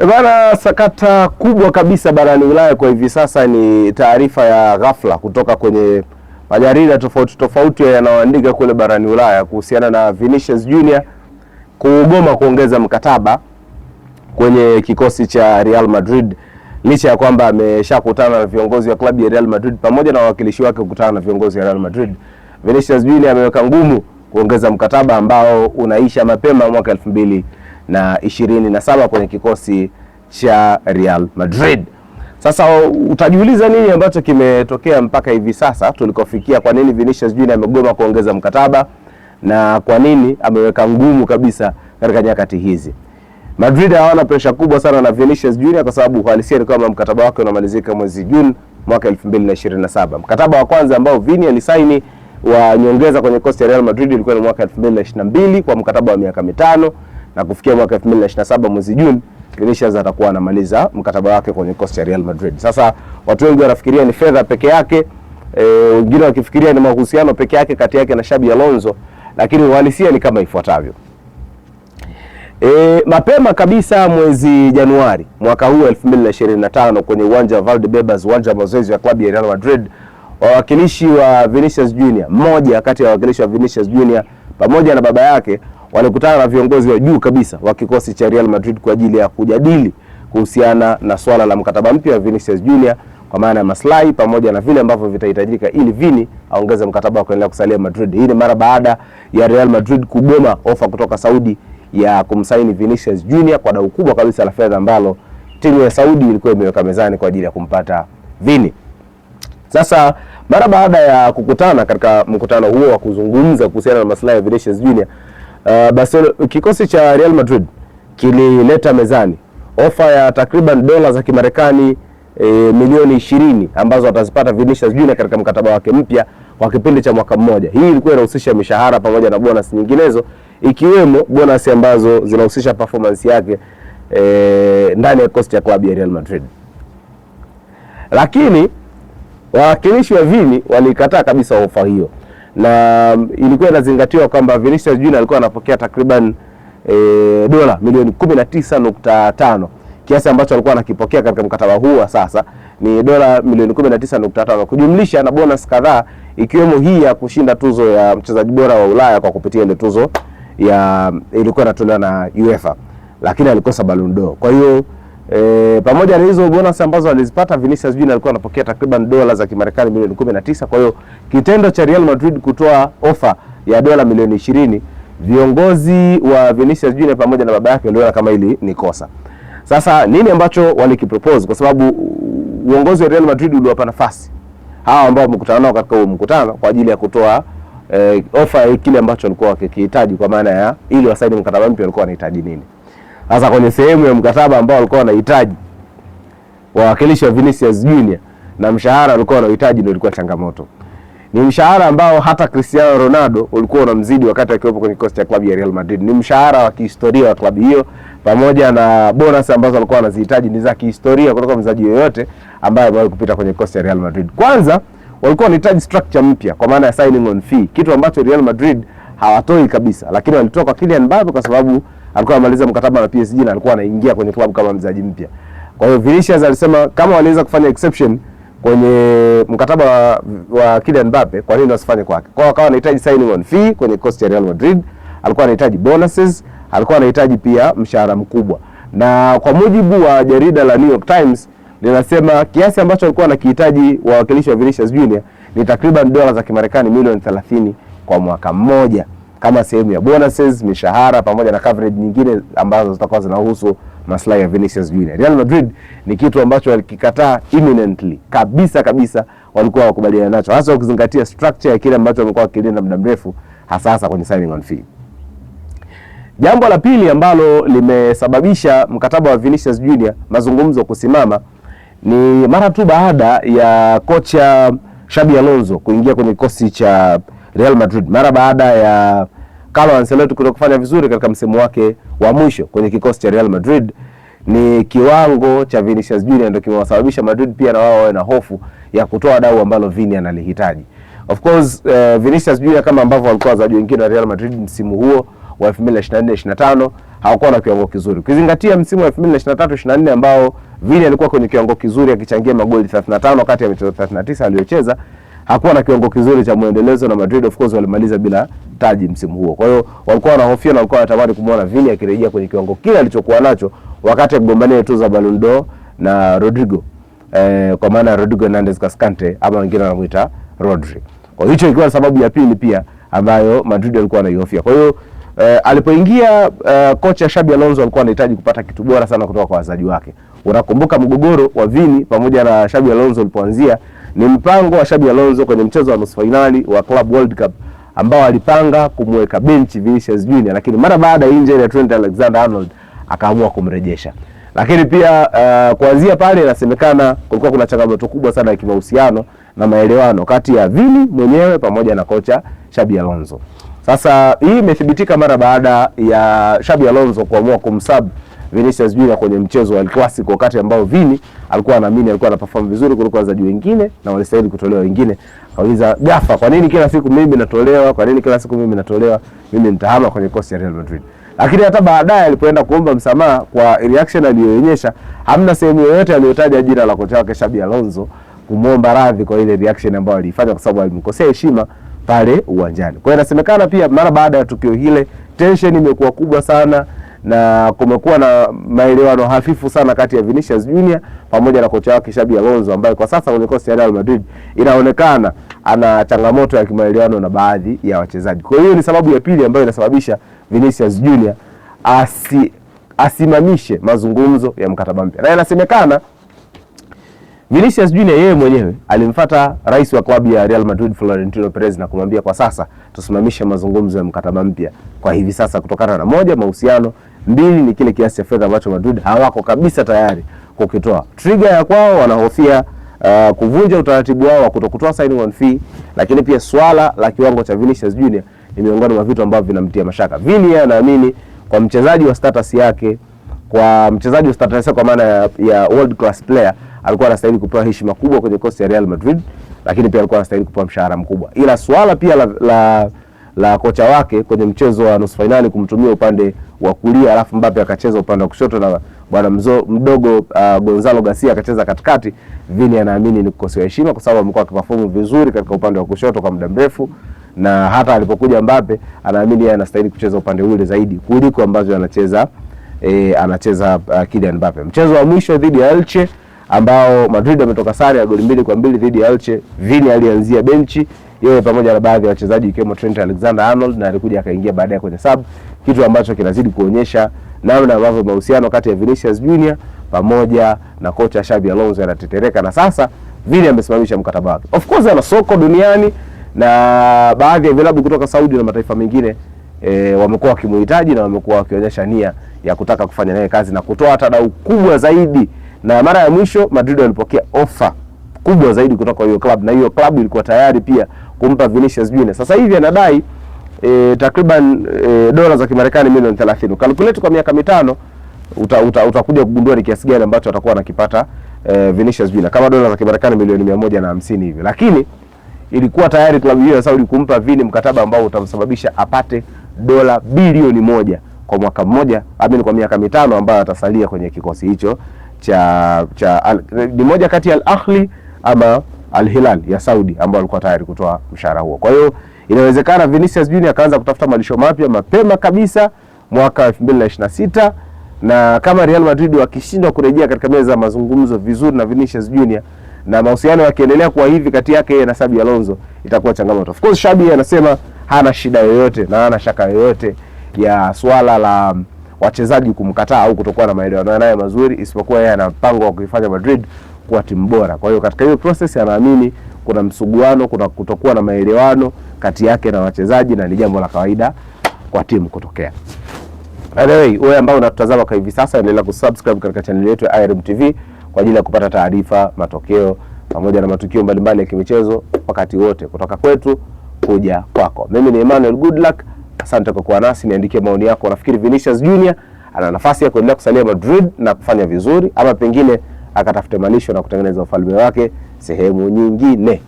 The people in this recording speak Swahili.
E bana, sakata kubwa kabisa barani Ulaya kwa hivi sasa ni taarifa ya ghafla kutoka kwenye majarida tofauti tofauti yanayoandika kule barani Ulaya kuhusiana na Vinicius Junior kugoma kuongeza mkataba kwenye kikosi cha Real Madrid licha ya kwamba ameshakutana na viongozi wa klabu ya Real Madrid pamoja na wawakilishi wake kukutana na viongozi wa Real Madrid. Vinicius Junior ameweka ngumu kuongeza mkataba ambao unaisha mapema mwaka elfu mbili na ishirini na saba kwenye kikosi cha Real Madrid. Sasa utajiuliza nini ambacho kimetokea mpaka hivi sasa tulikofikia, kwa nini Vinicius Junior amegoma kuongeza mkataba na kwa nini ameweka ngumu kabisa katika nyakati hizi. Madrid hawana presha kubwa sana na Vinicius Junior kwa sababu uhalisia ni kwamba mkataba wake unamalizika mwezi Juni mwaka 2027. Mkataba wa kwanza ambao Vini alisaini wa nyongeza kwenye kosti ya Real Madrid ilikuwa ni mwaka 2022 kwa mkataba wa miaka mitano na kufikia mwaka 2027 mwezi Juni Vinicius atakuwa anamaliza mkataba wake kwenye kikosi cha Real Madrid. Sasa watu wengi wanafikiria ni fedha peke yake, e, wengine wakifikiria ni mahusiano peke yake kati yake na Xabi Alonso, lakini uhalisia ni kama ifuatavyo. E, mapema kabisa mwezi Januari mwaka huu 2025 kwenye uwanja wa Valdebebas, uwanja wa mazoezi ya klabu ya Real Madrid, wawakilishi wa Vinicius Junior, mmoja kati ya wawakilishi wa Vinicius Junior pamoja na baba yake walikutana na viongozi wa juu kabisa wa kikosi cha Real Madrid kwa ajili ya kujadili kuhusiana na swala la mkataba mpya wa Vinicius Junior kwa maana ya maslahi pamoja na vile ambavyo vitahitajika ili Vini aongeze mkataba wa kuendelea kusalia Madrid. Hii ni mara baada ya Real Madrid kuboma ofa kutoka Saudi ya kumsaini Vinicius Junior kwa dau kubwa kabisa la fedha ambalo timu ya Saudi ilikuwa imeweka mezani kwa ajili ya kumpata Vini. Sasa mara baada ya kukutana katika mkutano huo wa kuzungumza kuhusiana na maslahi ya Vinicius Junior Uh, Barcelona, kikosi cha Real Madrid kilileta mezani ofa ya takriban dola za Kimarekani e, milioni ishirini ambazo atazipata Vinicius Junior katika mkataba wake mpya kwa kipindi cha mwaka mmoja. Hii ilikuwa inahusisha mishahara pamoja na bonus nyinginezo ikiwemo bonus ambazo zinahusisha performance yake e, ndani ya kikosi cha klabu ya Real Madrid. Lakini wawakilishi wa Vini walikataa kabisa ofa hiyo na ilikuwa inazingatiwa kwamba Vinicius Junior alikuwa anapokea takriban e, dola milioni 19.5 kiasi ambacho alikuwa anakipokea katika mkataba huu wa sasa ni dola milioni 19.5 kujumlisha na bonus kadhaa ikiwemo hii ya kushinda tuzo ya mchezaji bora wa Ulaya kwa kupitia ile tuzo ya ilikuwa inatolewa na UEFA, lakini alikosa Ballon d'Or. Kwa hiyo pamoja na hizo bonus ambazo alizipata Vinicius Junior alikuwa anapokea takriban dola za Kimarekani milioni 19. Kwa hiyo kitendo cha Real Madrid kutoa ofa ya dola milioni 20, viongozi wa Vinicius Junior pamoja na baba yake waliona kama hili ni kosa. Sasa nini ambacho walikipropose? Kwa sababu uongozi wa Real Madrid uliwapa nafasi hawa ambao wamekutana nao katika mkutano kwa ajili ya kutoa eh, ofa ya kile ambacho walikuwa wakikihitaji kwa maana ya ili wasaini mkataba mpya walikuwa wanahitaji nini. Sasa kwenye sehemu ya mkataba ambao walikuwa wanahitaji wawakilishi wa Vinicius Junior na mshahara alikuwa anahitaji, ndio ilikuwa changamoto. Ni mshahara ambao hata Cristiano Ronaldo ulikuwa unamzidi wakati akiwepo kwenye kikosi cha klabu ya Real Madrid. Ni mshahara wa kihistoria wa klabu hiyo, pamoja na bonus ambazo alikuwa anazihitaji ni za kihistoria kutoka mchezaji yoyote ambaye amewahi kupita kwenye kikosi cha Real Madrid. Kwanza walikuwa wanahitaji structure mpya kwa maana ya signing on fee, kitu ambacho Real Madrid hawatoi kabisa, lakini walitoa kwa Kylian Mbappe kwa sababu alikuwa amemaliza mkataba na PSG na alikuwa anaingia kwenye klabu kama mchezaji mpya. Kwa hiyo Vinicius alisema kama waliweza kufanya exception kwenye mkataba wa, wa Kylian Mbappe kwa nini wasifanye kwake? Kwa hiyo akawa anahitaji signing on fee kwenye cost ya Real Madrid, alikuwa anahitaji bonuses, alikuwa anahitaji pia mshahara mkubwa. Na kwa mujibu wa jarida la New York Times linasema kiasi ambacho alikuwa anakihitaji wawakilishi wa Vinicius Junior ni takriban dola za Kimarekani milioni 30 kwa mwaka mmoja kama sehemu ya bonuses, mishahara pamoja na coverage nyingine ambazo zitakuwa zinahusu maslahi ya Vinicius Junior. Real Madrid ni kitu ambacho walikikataa imminently kabisa kabisa, walikuwa wakubaliana nacho, hasa ukizingatia structure ya kile ambacho wamekuwa wakilinda muda mrefu, hasa hasa kwenye signing on fee. Jambo la pili ambalo limesababisha mkataba wa Vinicius Junior mazungumzo kusimama ni mara tu baada ya kocha Xabi Alonso kuingia kwenye kikosi cha Real Madrid mara baada ya Carlo Ancelotti kutokufanya vizuri katika msimu wake wa mwisho kwenye kikosi cha Real Madrid ni kiwango cha Vinicius Junior ndio kimewasababisha Madrid pia na wao wawe na hofu ya kutoa dau ambalo Vini analihitaji. Of course uh, Vinicius Junior kama ambavyo walikuwa wazaji wengine wa Real Madrid msimu huo wa 2024 25 hawakuwa na kiwango kizuri, ukizingatia msimu wa 2023 24 ambao Vini alikuwa kwenye kiwango kizuri akichangia magoli 35 kati ya michezo 39 aliyocheza hakuwa na kiwango kizuri cha mwendelezo na Madrid of course walimaliza bila taji msimu huo. Kwa hiyo walikuwa wanahofia na walikuwa wanatamani kumuona Vini akirejea kwenye kiwango kile alichokuwa nacho wakati akigombania tuzo za Ballon d'Or na Rodrigo eh, kwa maana Rodrigo Hernandez Cascante ama wengine wanamuita Rodri. Kwa hiyo hicho ikiwa sababu ya pili pia ambayo Madrid walikuwa wanaihofia. Kwa hiyo eh, alipoingia eh, kocha Xabi Alonso alikuwa anahitaji kupata kitu bora sana kutoka kwa wazaji wake. Unakumbuka mgogoro wa Vini pamoja na Xabi Alonso ulipoanzia ni mpango wa Xabi Alonso kwenye mchezo wa nusu fainali wa Club World Cup ambao alipanga kumweka benchi Vinicius Junior, lakini mara baada ya injury ya Trent Alexander-Arnold akaamua kumrejesha. Lakini pia uh, kuanzia pale inasemekana kulikuwa kuna changamoto kubwa sana ya kimahusiano na maelewano kati ya Vini mwenyewe pamoja na kocha Xabi Alonso. Sasa hii imethibitika mara baada ya Xabi Alonso kuamua kumsub Vinicius Junior kwenye mchezo wa El Clasico, wakati ambao Vini alikuwa anaamini alikuwa anaperform vizuri kuliko wazaji wengine na walistahili kutolewa wengine. Kauliza gafa, kwa nini kila siku mimi natolewa? Kwa nini kila siku mimi natolewa? Mimi nitahama kwenye kosi ya Real Madrid. Lakini hata baadaye alipoenda kuomba msamaha kwa reaction aliyoonyesha, hamna sehemu yoyote aliyotaja jina la kocha wake Xabi Alonso kumwomba radhi kwa ile reaction ambayo alifanya, kwa sababu alimkosea heshima pale uwanjani. Kwa hiyo inasemekana pia mara baada ya tukio hile tension imekuwa kubwa sana na kumekuwa na maelewano hafifu sana kati ya Vinicius Junior pamoja na kocha wake Xabi Alonso ambaye kwa sasa kwenye kosi ya Real Madrid inaonekana ana changamoto ya kimaelewano na baadhi ya wachezaji. Kwa hiyo ni sababu ya pili ambayo inasababisha Vinicius Junior asi, asimamishe mazungumzo ya mkataba mpya, na inasemekana Vinicius Junior yeye mwenyewe alimfata rais wa klabu ya Real Madrid Florentino Perez na kumwambia kwa sasa tusimamishe mazungumzo ya mkataba mpya kwa hivi sasa, kutokana na moja, mahusiano mbili ni kile kiasi cha fedha ambacho Madrid hawako kabisa tayari kukitoa. Trigger ya kwao wanahofia uh, kuvunja utaratibu wao wa kutokutoa signing on fee, lakini pia swala la kiwango cha Vinicius Junior ni miongoni mwa vitu ambavyo vinamtia mashaka. Vini anaamini kwa mchezaji wa status yake, kwa mchezaji wa status yake kwa maana ya, ya world class player alikuwa anastahili kupewa heshima kubwa kwenye kosi ya Real Madrid, lakini pia alikuwa anastahili kupewa mshahara mkubwa, ila swala pia la, la la kocha wake kwenye mchezo wa nusu fainali kumtumia upande wa kulia, alafu Mbappe akacheza upande wa kushoto na bwana mdogo uh, Gonzalo Garcia akacheza katikati. Vini anaamini ni kukosewa heshima, kwa sababu amekuwa akiperform vizuri katika upande wa kushoto kwa muda mrefu, na hata alipokuja Mbappe anaamini yeye anastahili kucheza upande ule zaidi kuliko ambavyo anacheza e, anacheza uh, Kylian Mbappe. Mchezo wa mwisho dhidi ya Elche ambao Madrid ametoka sare ya goli mbili kwa mbili dhidi ya Elche, Vini alianzia benchi yeye pamoja na baadhi ya wachezaji ikiwemo Trent Alexander Arnold, na alikuja akaingia baadaye kwenye sub, kitu ambacho kinazidi kuonyesha namna ambavyo mahusiano kati ya Vinicius Junior pamoja na kocha Xabi Alonso yanatetereka, na sasa vile amesimamisha mkataba wake. Of course ana soko duniani na baadhi ya vilabu kutoka Saudi na mataifa mengine e, wamekuwa wakimuhitaji na wamekuwa wakionyesha nia ya kutaka kufanya naye kazi na kutoa hata dau kubwa zaidi, na mara ya mwisho Madrid walipokea ofa kubwa zaidi kutoka kwa hiyo klabu, na hiyo klabu ilikuwa tayari pia kumpa Vinicius Junior. Sasa hivi anadai e, takriban e, dola za Kimarekani milioni 30. Calculate kwa miaka mitano uta, uta, utakuja kugundua ni kiasi gani ambacho atakuwa anakipata e, Vinicius Junior kama dola za Kimarekani milioni 150 hivi, lakini ilikuwa tayari klabu hiyo ya Saudi kumpa Vini mkataba ambao utamsababisha apate dola bilioni moja kwa mwaka mmoja, amini kwa miaka mitano ambayo atasalia kwenye kikosi hicho cha cha ni moja kati ya Al Ahli ama Al Hilal ya Saudi ambao walikuwa tayari kutoa mshahara huo. Kwa hiyo inawezekana Vinicius Junior akaanza kutafuta malisho mapya mapema kabisa mwaka 2026 na kama Real Madrid wakishindwa kurejea katika meza ya mazungumzo vizuri na Vinicius Junior na mahusiano yakiendelea kuwa hivi kati yake yeye na Xabi Alonso itakuwa changamoto. Of course Xabi anasema hana shida yoyote na hana shaka yoyote ya swala la wachezaji kumkataa au kutokuwa na maelewano naye mazuri, isipokuwa yeye ana mpango wa kuifanya Madrid kuwa timu bora. Kwa hiyo katika hiyo process anaamini kuna msuguano, kuna kutokuwa na maelewano kati yake na wachezaji, na ni jambo la kawaida kwa timu kutokea. Anyway, wewe ambao unatutazama kwa hivi sasa, endelea kusubscribe katika channel yetu ya IREM TV kwa ajili ya kupata taarifa, matokeo pamoja na matukio mbalimbali ya kimichezo wakati wote kutoka kwetu kuja kwako. Mimi ni Emmanuel Goodluck, asante kwa kuwa nasi. Niandikie maoni yako, Nafikiri Vinicius Junior ana nafasi ya kuendelea kusalia Madrid na kufanya vizuri ama pengine akatafute manisho na kutengeneza ufalme wake sehemu nyingine.